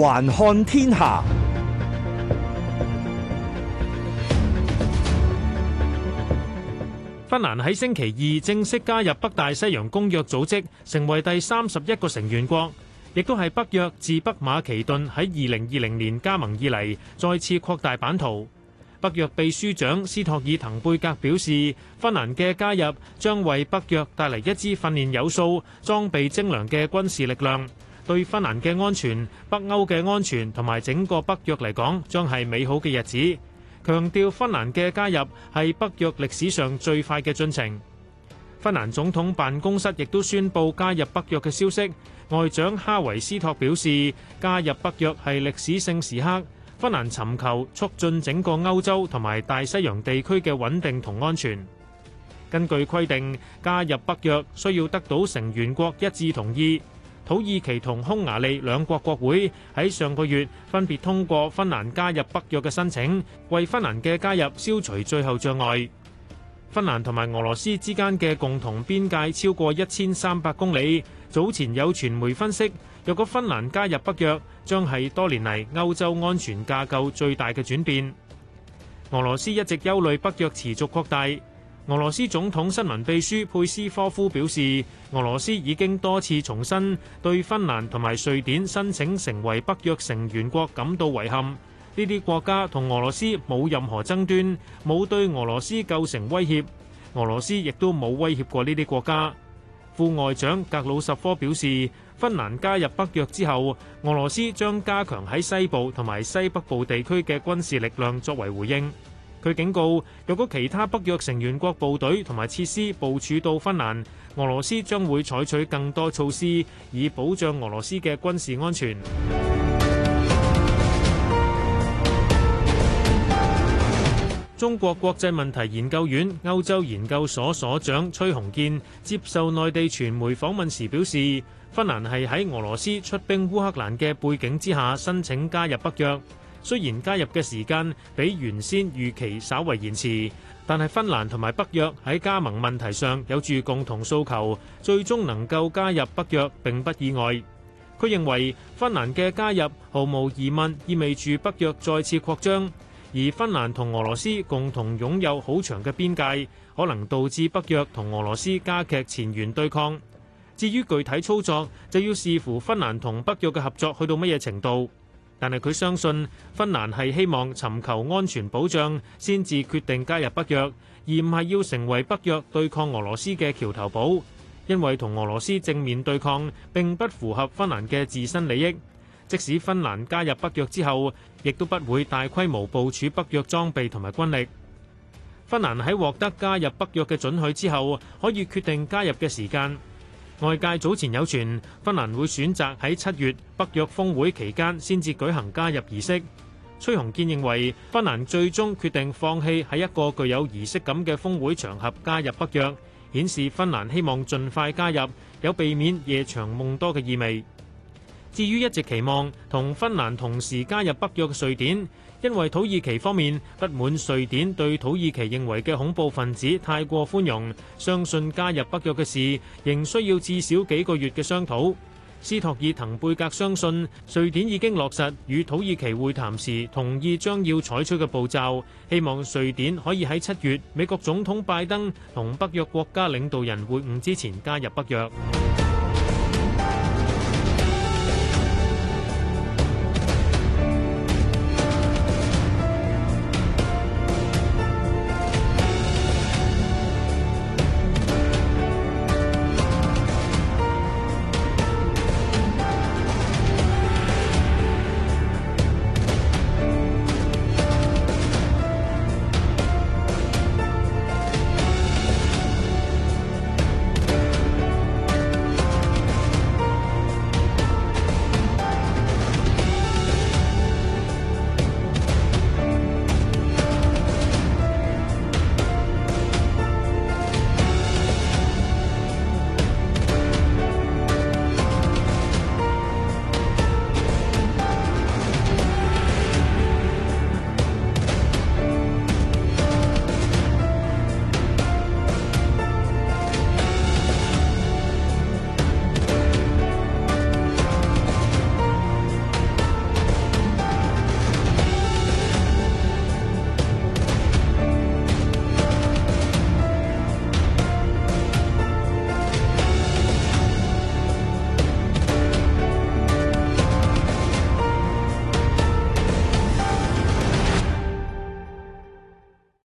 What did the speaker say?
環看天下。芬蘭喺星期二正式加入北大西洋公約組織，成為第三十一個成員國，亦都係北約自北馬其頓喺二零二零年加盟以嚟，再次擴大版圖。北約秘書長斯托爾滕貝格表示，芬蘭嘅加入將為北約帶嚟一支訓練有素、裝備精良嘅軍事力量。對芬蘭嘅安全、北歐嘅安全同埋整個北約嚟講，將係美好嘅日子。強調芬蘭嘅加入係北約歷史上最快嘅進程。芬蘭總統辦公室亦都宣布加入北約嘅消息。外長哈維斯托表示，加入北約係歷史性時刻。芬蘭尋求促進整個歐洲同埋大西洋地區嘅穩定同安全。根據規定，加入北約需要得到成員國一致同意。土耳其同匈牙利兩國國會喺上個月分別通過芬蘭加入北約嘅申請，為芬蘭嘅加入消除最後障礙。芬蘭同埋俄羅斯之間嘅共同邊界超過一千三百公里。早前有傳媒分析，若果芬蘭加入北約，將係多年嚟歐洲安全架構最大嘅轉變。俄羅斯一直憂慮北約持續擴大。俄羅斯總統新聞秘書佩斯科夫表示，俄羅斯已經多次重申對芬蘭同埋瑞典申請成為北約成員國感到遺憾。呢啲國家同俄羅斯冇任何爭端，冇對俄羅斯構成威脅。俄羅斯亦都冇威脅過呢啲國家。副外長格魯什科表示，芬蘭加入北約之後，俄羅斯將加強喺西部同埋西北部地區嘅軍事力量作為回應。佢警告：若果其他北約成員國部隊同埋設施部署到芬蘭，俄羅斯將會採取更多措施，以保障俄羅斯嘅軍事安全。 中國國際問題研究院歐洲研究所所，所長崔洪建接受內地傳媒訪問時表示：芬蘭係喺俄羅斯出兵烏克蘭嘅背景之下申請加入北約。雖然加入嘅時間比原先預期稍為延遲，但係芬蘭同埋北約喺加盟問題上有住共同訴求，最終能夠加入北約並不意外。佢認為芬蘭嘅加入毫無疑問意味住北約再次擴張，而芬蘭同俄羅斯共同擁有好長嘅邊界，可能導致北約同俄羅斯加劇前沿對抗。至於具體操作，就要視乎芬蘭同北約嘅合作去到乜嘢程度。但係佢相信芬蘭係希望尋求安全保障，先至決定加入北約，而唔係要成為北約對抗俄羅斯嘅橋頭堡。因為同俄羅斯正面對抗並不符合芬蘭嘅自身利益。即使芬蘭加入北約之後，亦都不會大規模部署北約裝備同埋軍力。芬蘭喺獲得加入北約嘅准許之後，可以決定加入嘅時間。外界早前有傳芬蘭會選擇喺七月北約峰會期間先至舉行加入儀式。崔洪建認為芬蘭最終決定放棄喺一個具有儀式感嘅峰會場合加入北約，顯示芬蘭希望盡快加入，有避免夜長夢多嘅意味。至於一直期望同芬蘭同時加入北約嘅瑞典，因為土耳其方面不滿瑞典對土耳其認為嘅恐怖分子太過寬容，相信加入北約嘅事仍需要至少幾個月嘅商討。斯托爾滕貝格相信瑞典已經落實與土耳其會談時同意將要採取嘅步驟，希望瑞典可以喺七月美國總統拜登同北約國家領導人會晤之前加入北約。